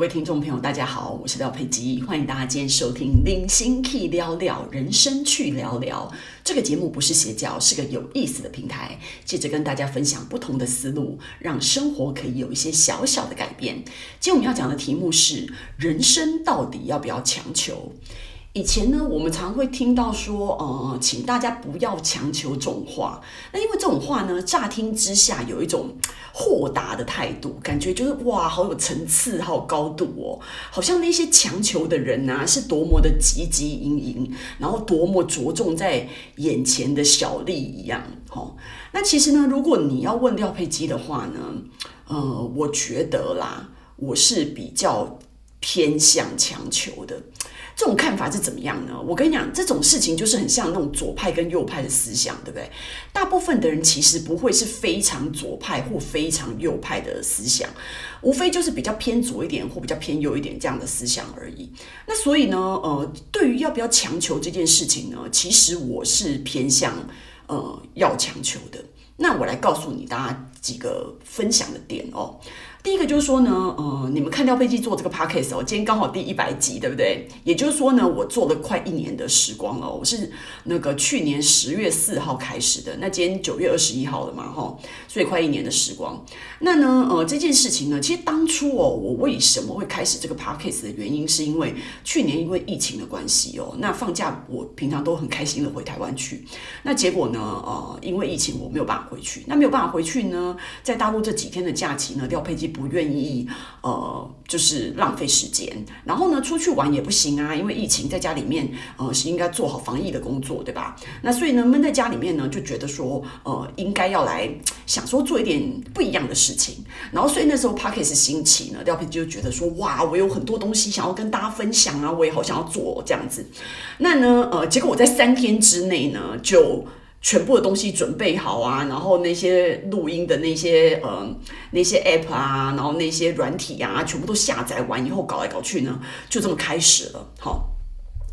各位聽眾朋友，大家好，我是廖佩基，歡迎大家今天收聽《零星氣聊聊人生去聊聊》這個節目，不是邪教，是個有意思的平台，借着跟大家分享不同的思路，讓生活可以有一些小小的改變。今天我們要講的題目是：人生到底要不要強求？以前呢，我們常會聽到說，呃，請大家不要強求這種話。那因為這種話呢，乍聽之下有一種豁達的態度，感覺就是哇，好有層次，好有高度哦，好像那些強求的人啊，是多麼的汲汲營營，然後多麼着重在眼前的小利一樣。哦那其實呢，如果你要問廖佩基的話呢，呃，我覺得啦，我是比較偏向強求的。這種看法是怎麼樣呢？我跟你講，這種事情就是很像那種左派跟右派的思想，對不對？大部分的人其實不會是非常左派或非常右派的思想，無非就是比較偏左一點或比較偏右一點這樣的思想而已。那所以呢，呃，對於要不要強求這件事情呢，其實我是偏向呃要強求的。那我來告訴你大家幾個分享的點哦。第一個就是說呢，呃，你們看釣佩機做這個 podcast 哦，今天剛好第一百集，對不對？也就是說呢，我做了快一年的時光了。我是那個去年十月四號開始的，那今天九月二十一號了嘛，吼，所以快一年的時光。那呢，呃，這件事情呢，其實當初哦，我為什麼會開始這個 podcast 的原因，是因為去年因為疫情的關係哦，那放假我平常都很開心的回台灣去，那結果呢，呃，因為疫情我沒有辦法回去，那沒有辦法回去呢，在大陸這幾天的假期呢，釣佩記。不願意，呃，就是浪費時間。然後呢，出去玩也不行啊，因為疫情，在家裡面，呃，是應該做好防疫的工作，對吧？那所以呢，悶在家裡面呢，就覺得說，呃，應該要來想說做一點不一樣的事情。然後，所以那時候 Podcast 興起呢，廖平就覺得說，哇，我有很多東西想要跟大家分享啊，我也好想要做、哦、這樣子。那呢，呃，結果我在三天之內呢，就。全部的東西準備好啊，然後那些錄音的那些嗯、呃、那些 app 啊，然後那些軟體啊，全部都下載完以後，搞來搞去呢，就這麼開始了。好，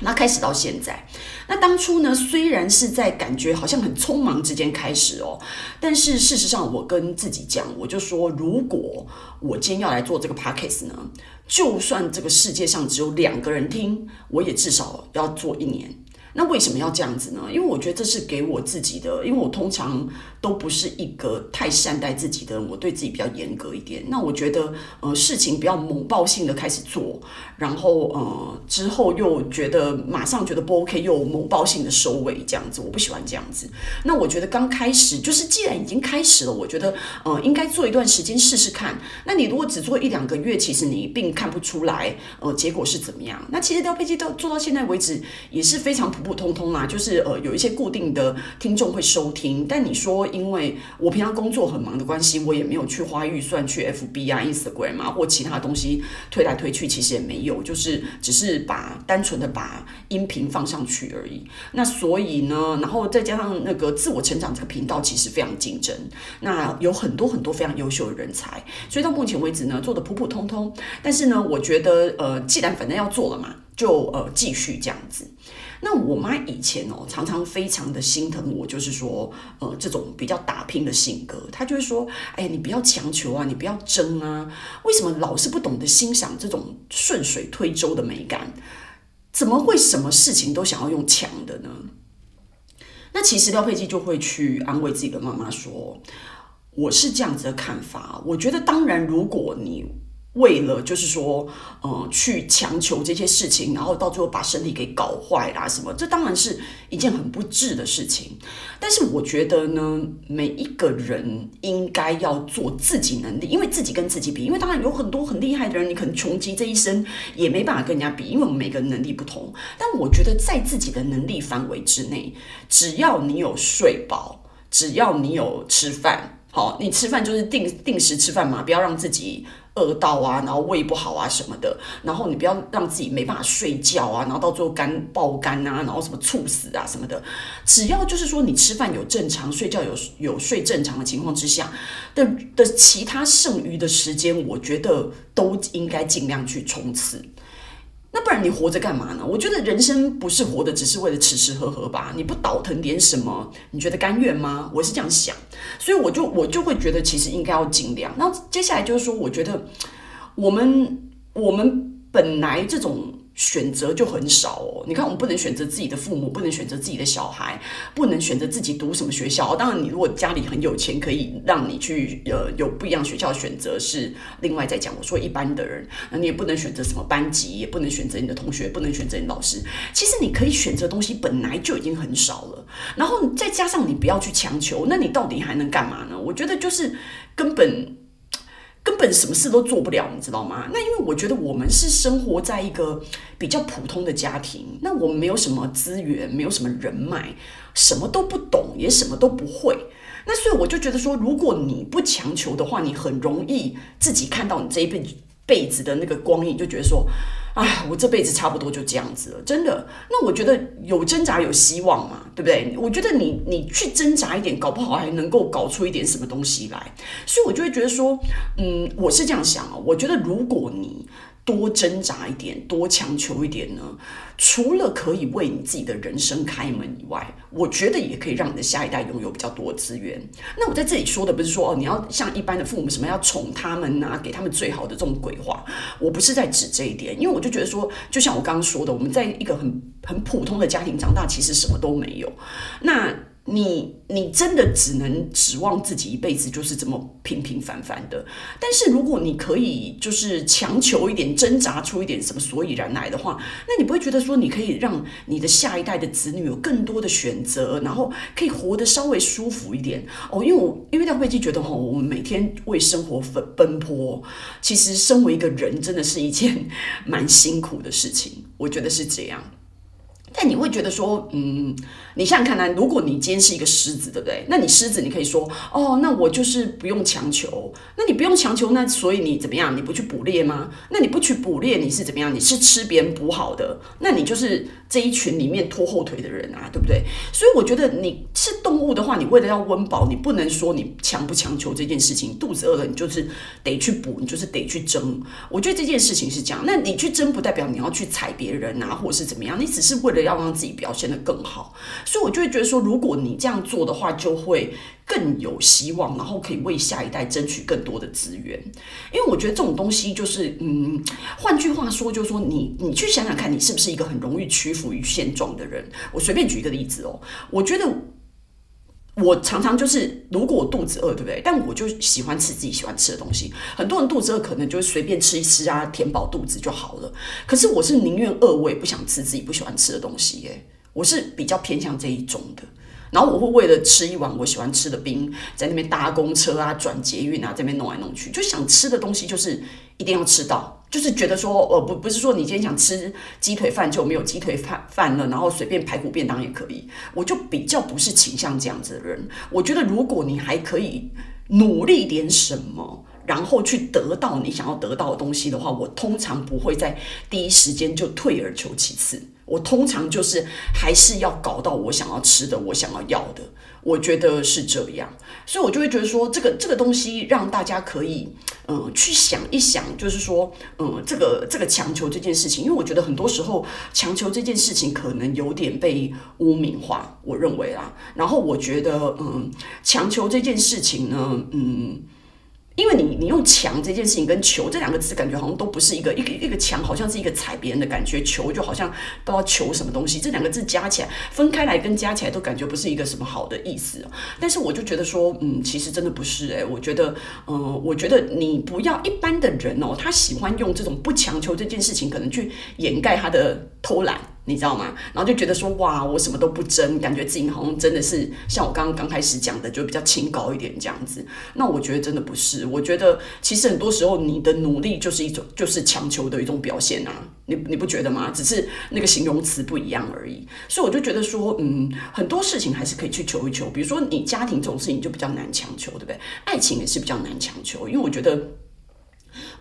那開始到現在，那當初呢，雖然是在感覺好像很匆忙之間開始哦，但是事實上，我跟自己講，我就說，如果我今天要來做這個 podcast 呢，就算這個世界上只有兩個人聽，我也至少要做一年。那為什麼要這樣子呢？因為我覺得這是給我自己的，因為我通常都不是一個太善待自己的人，我對自己比較嚴格一點。那我覺得，呃，事情比較猛爆性的開始做，然後，呃，之後又覺得馬上覺得不 OK，又猛爆性的收尾，這樣子，我不喜歡這樣子。那我覺得剛開始就是既然已經開始了，我覺得，呃，應該做一段時間試試看。那你如果只做一兩個月，其實你一并看不出來，呃，結果是怎麼樣。那其實雕飛機到做到現在為止也是非常普通的。普普通通嘛，啊，就是呃，有一些固定的聽眾會收聽。但你說，因為我平常工作很忙的關係，我也沒有去花預算去 FB 啊、Instagram 啊或其他東西推來推去，其實也沒有，就是只是把單純的把音頻放上去而已。那所以呢，然後再加上那個自我成長這個頻道，其實非常競爭，那有很多很多非常優秀的人才，所以到目前為止呢，做的普普通通。但是呢，我覺得呃，既然反正要做了嘛。就呃繼續這樣子。那我媽以前哦常常非常的心疼我，就是說呃這種比較打拼的性格，她就會說：“哎呀，你不要強求啊，你不要爭啊，為什麼老是不懂得欣賞這種順水推舟的美感？怎麼會什麼事情都想要用強的呢？”那其實廖佩姬就會去安慰自己的媽媽說：“我是這樣子的看法，我覺得當然如果你。”為了就是說，嗯、呃，去強求這些事情，然後到最後把身體給搞壞啦。什麼？這當然是一件很不智的事情。但是我覺得呢，每一個人應該要做自己能力，因為自己跟自己比。因為當然有很多很厲害的人，你可能窮極這一生也沒辦法跟人家比，因為我們每個人能力不同。但我覺得在自己的能力範圍之內，只要你有睡飽，只要你有吃飯，好，你吃飯就是定定時吃飯嘛，不要讓自己。餓到啊，然後胃不好啊什麼的，然後你不要讓自己沒辦法睡覺啊，然後到最後肝爆肝啊，然後什麼猝死啊什麼的。只要就是說你吃飯有正常，睡覺有有睡正常的情況之下，的的其他剩餘的時間，我覺得都應該盡量去衝刺。你活着幹嘛呢？我覺得人生不是活的，只是為了吃吃喝喝吧。你不倒騰點什麼，你覺得甘願嗎？我是這樣想，所以我就我就會覺得，其實應該要盡量。那接下來就是說，我覺得我們我們本來這種。選擇就很少哦。你看，我們不能選擇自己的父母，不能選擇自己的小孩，不能選擇自己讀什麼學校。當然，你如果家裡很有錢，可以讓你去呃有不一樣學校的選擇是，是另外再講。我說一般的人，那你也不能選擇什麼班級，也不能選擇你的同學，也不能選擇你老師。其實你可以選擇東西本來就已經很少了，然後再加上你不要去強求，那你到底還能幹嘛呢？我覺得就是根本。根本什麼事都做不了，你知道嗎？那因為我覺得我們是生活在一個比較普通的家庭，那我們沒有什麼資源，沒有什麼人脈，什麼都不懂，也什麼都不會。那所以我就覺得說，如果你不強求的話，你很容易自己看到你這一輩輩子的那個光影，就覺得說。哎，我這輩子差不多就這樣子了，真的。那我覺得有掙扎有希望嘛，對不對？我覺得你你去掙扎一點，搞不好還能夠搞出一點什麼東西來。所以，我就會覺得說，嗯，我是這樣想啊。我覺得如果你。多掙扎一點，多強求一點呢？除了可以為你自己的人生開門以外，我覺得也可以讓你的下一代擁有比較多資源。那我在這裡說的不是說哦，你要像一般的父母什麼要寵他們吶啊，給他們最好的這種鬼話，我不是在指這一點，因為我就覺得說，就像我剛剛說的，我們在一個很很普通的家庭長大，其實什麼都沒有。那。你你真的只能指望自己一輩子就是這麼平平凡凡的，但是如果你可以就是強求一點，掙扎出一點什麼所以然來的話，那你不會覺得說你可以讓你的下一代的子女有更多的選擇，然後可以活得稍微舒服一點哦？因為我因為梁慧君覺得哈、哦，我們每天為生活奔奔波，其實身為一個人，真的是一件蠻辛苦的事情，我覺得是這樣。但你會覺得說，嗯，你想想看呢、啊，如果你今天是一個獅子，對不對？那你獅子，你可以說，哦，那我就是不用強求。那你不用強求，那所以你怎麼樣？你不去捕獵嗎？那你不去捕獵，你是怎麼樣？你是吃別人捕好的？那你就是這一群裡面拖後腿的人啊，對不對？所以我覺得你是動物的話，你為了要溫飽，你不能說你強不強求這件事情。肚子餓了，你就是得去捕，你就是得去爭。我覺得這件事情是這樣。那你去爭，不代表你要去踩別人啊，或是怎麼樣？你只是為了。要讓自己表現得更好，所以我就會覺得說，如果你這樣做的話，就會更有希望，然後可以為下一代爭取更多的資源。因為我覺得這種東西就是，嗯，換句話說，就是說你，你去想想看，你是不是一個很容易屈服於現狀的人？我隨便舉一個例子哦，我覺得。我常常就是，如果我肚子餓，對不對？但我就喜歡吃自己喜歡吃的東西。很多人肚子餓可能就隨便吃一吃啊，填飽肚子就好了。可是我是寧願餓，我也不想吃自己不喜歡吃的東西耶、欸。我是比較偏向這一種的。然後我會為了吃一碗我喜歡吃的冰，在那邊搭公車啊，轉捷運啊，這邊弄來弄去，就想吃的東西就是一定要吃到。就是覺得說，呃，不不是說你今天想吃雞腿飯就沒有雞腿飯飯了，然後隨便排骨便當也可以。我就比較不是傾向這樣子的人。我覺得如果你還可以努力點什麼，然後去得到你想要得到的東西的話，我通常不會在第一時間就退而求其次。我通常就是還是要搞到我想要吃的，我想要要的。我覺得是這樣，所以我就會覺得說，這個這個東西讓大家可以，嗯，去想一想，就是說，嗯，這個這個強求這件事情，因為我覺得很多時候強求這件事情可能有點被污名化，我認為啦。然後我覺得，嗯，強求這件事情呢，嗯。因為你，你用“強”這件事情跟“求”這兩個字，感覺好像都不是一個一個一個“強”，好像是一個踩別人的感覺；“求”就好像都要求什麼東西。這兩個字加起來，分開來跟加起來都感覺不是一個什麼好的意思。但是我就覺得說，嗯，其實真的不是哎、欸，我覺得，嗯、呃，我覺得你不要一般的人哦，他喜歡用這種不強求這件事情，可能去掩蓋他的偷懶。你知道嗎？然後就覺得說哇，我什麼都不爭，感覺自己好像真的是像我剛剛開始講的，就比較清高一點這樣子。那我覺得真的不是，我覺得其實很多時候你的努力就是一種，就是強求的一種表現啊。你你不覺得嗎？只是那個形容詞不一樣而已。所以我就覺得說，嗯，很多事情還是可以去求一求。比如說你家庭這種事情就比較難強求，對不對？愛情也是比較難強求，因為我覺得。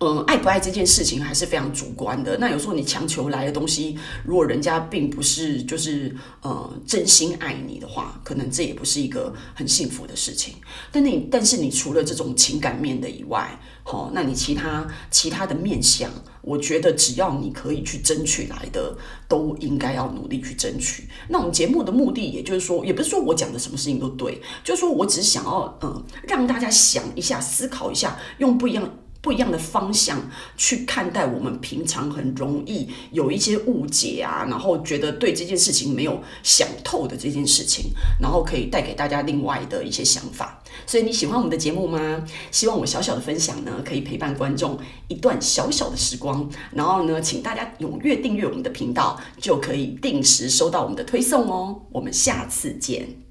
嗯，愛不愛這件事情還是非常主觀的。那有時候你強求來的東西，如果人家並不是就是呃真心愛你的話，可能這也不是一個很幸福的事情。但你但是你除了這種情感面的以外，好、哦，那你其他其他的面向，我覺得只要你可以去爭取來的，都應該要努力去爭取。那我們節目的目的，也就是說，也不是說我講的什麼事情都對，就是說我只是想要嗯讓大家想一下，思考一下，用不一樣。不一樣的方向去看待我們平常很容易有一些誤解啊，然後覺得對這件事情沒有想透的這件事情，然後可以帶給大家另外的一些想法。所以你喜歡我們的節目嗎？希望我小小的分享呢，可以陪伴觀眾一段小小的時光。然後呢，請大家踴躍訂閱我們的頻道，就可以定時收到我們的推送哦。我們下次見。